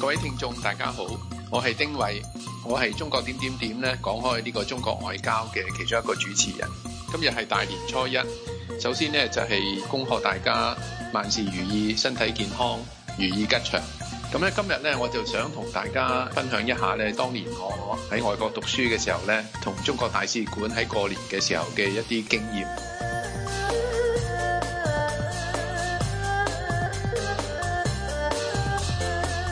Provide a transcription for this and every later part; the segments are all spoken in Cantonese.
各位聽眾大家好，我係丁偉，我係中國點點點咧，講開呢個中國外交嘅其中一個主持人。今日係大年初一，首先咧就係恭賀大家萬事如意，身體健康，如意吉祥。咁咧今日咧我就想同大家分享一下咧，當年我喺外國讀書嘅時候咧，同中國大使館喺過年嘅時候嘅一啲經驗。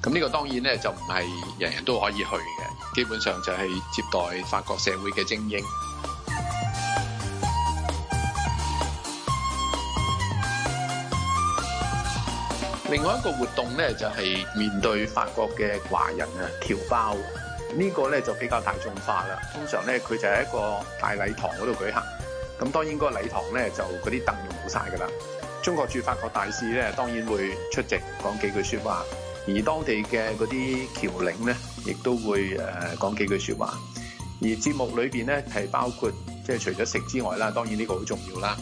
咁呢個當然咧，就唔係人人都可以去嘅。基本上就係接待法國社會嘅精英。 另外一個活動咧，就係、是、面對法國嘅華人啊，僑胞、這個、呢個咧就比較大眾化啦。通常咧，佢就喺一個大禮堂嗰度舉行。咁當然個禮堂咧就嗰啲凳用冇晒㗎啦。中國駐法國大使咧，當然會出席講幾句說話。而當地嘅嗰啲僑領咧，亦都會誒講幾句説話。而節目裏邊咧係包括即係、就是、除咗食之外啦，當然呢個好重要啦。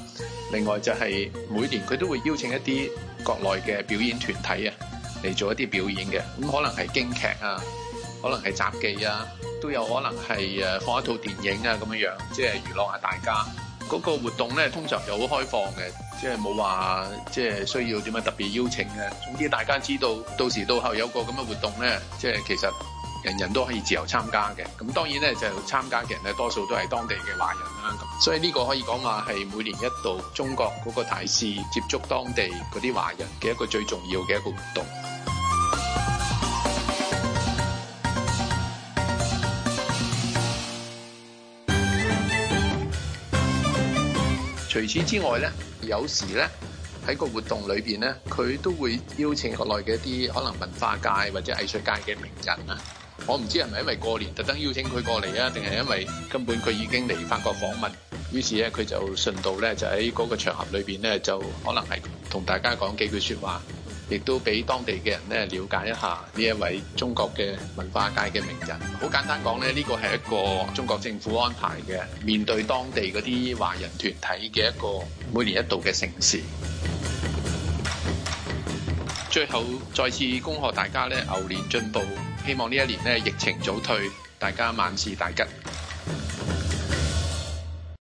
另外就係每年佢都會邀請一啲國內嘅表演團體啊嚟做一啲表演嘅。咁可能係京劇啊，可能係雜技啊，都有可能係誒放一套電影啊咁樣樣，即、就、係、是、娛樂下大家。嗰、那個活動咧，通常就好開放嘅，即係冇話即係需要點樣特別邀請嘅。總之大家知道，到時到後有個咁嘅活動咧，即係其實人人都可以自由參加嘅。咁當然咧，就參加嘅人咧，多數都係當地嘅華人啦。咁所以呢個可以講話係每年一度中國嗰個大使接觸當地嗰啲華人嘅一個最重要嘅一個活動。除此之外咧，有時咧喺個活動裏邊，咧，佢都會邀請國內嘅一啲可能文化界或者藝術界嘅名人啊。我唔知係咪因為過年特登邀請佢過嚟啊，定係因為根本佢已經嚟法國訪問，於是咧佢就順道咧就喺嗰個場合裏邊咧就可能係同大家講幾句說話。亦都俾當地嘅人咧了解一下呢一位中國嘅文化界嘅名人。好簡單講咧，呢個係一個中國政府安排嘅，面對當地嗰啲華人團體嘅一個每年一度嘅盛事。最後再次恭賀大家咧牛年進步，希望呢一年咧疫情早退，大家萬事大吉。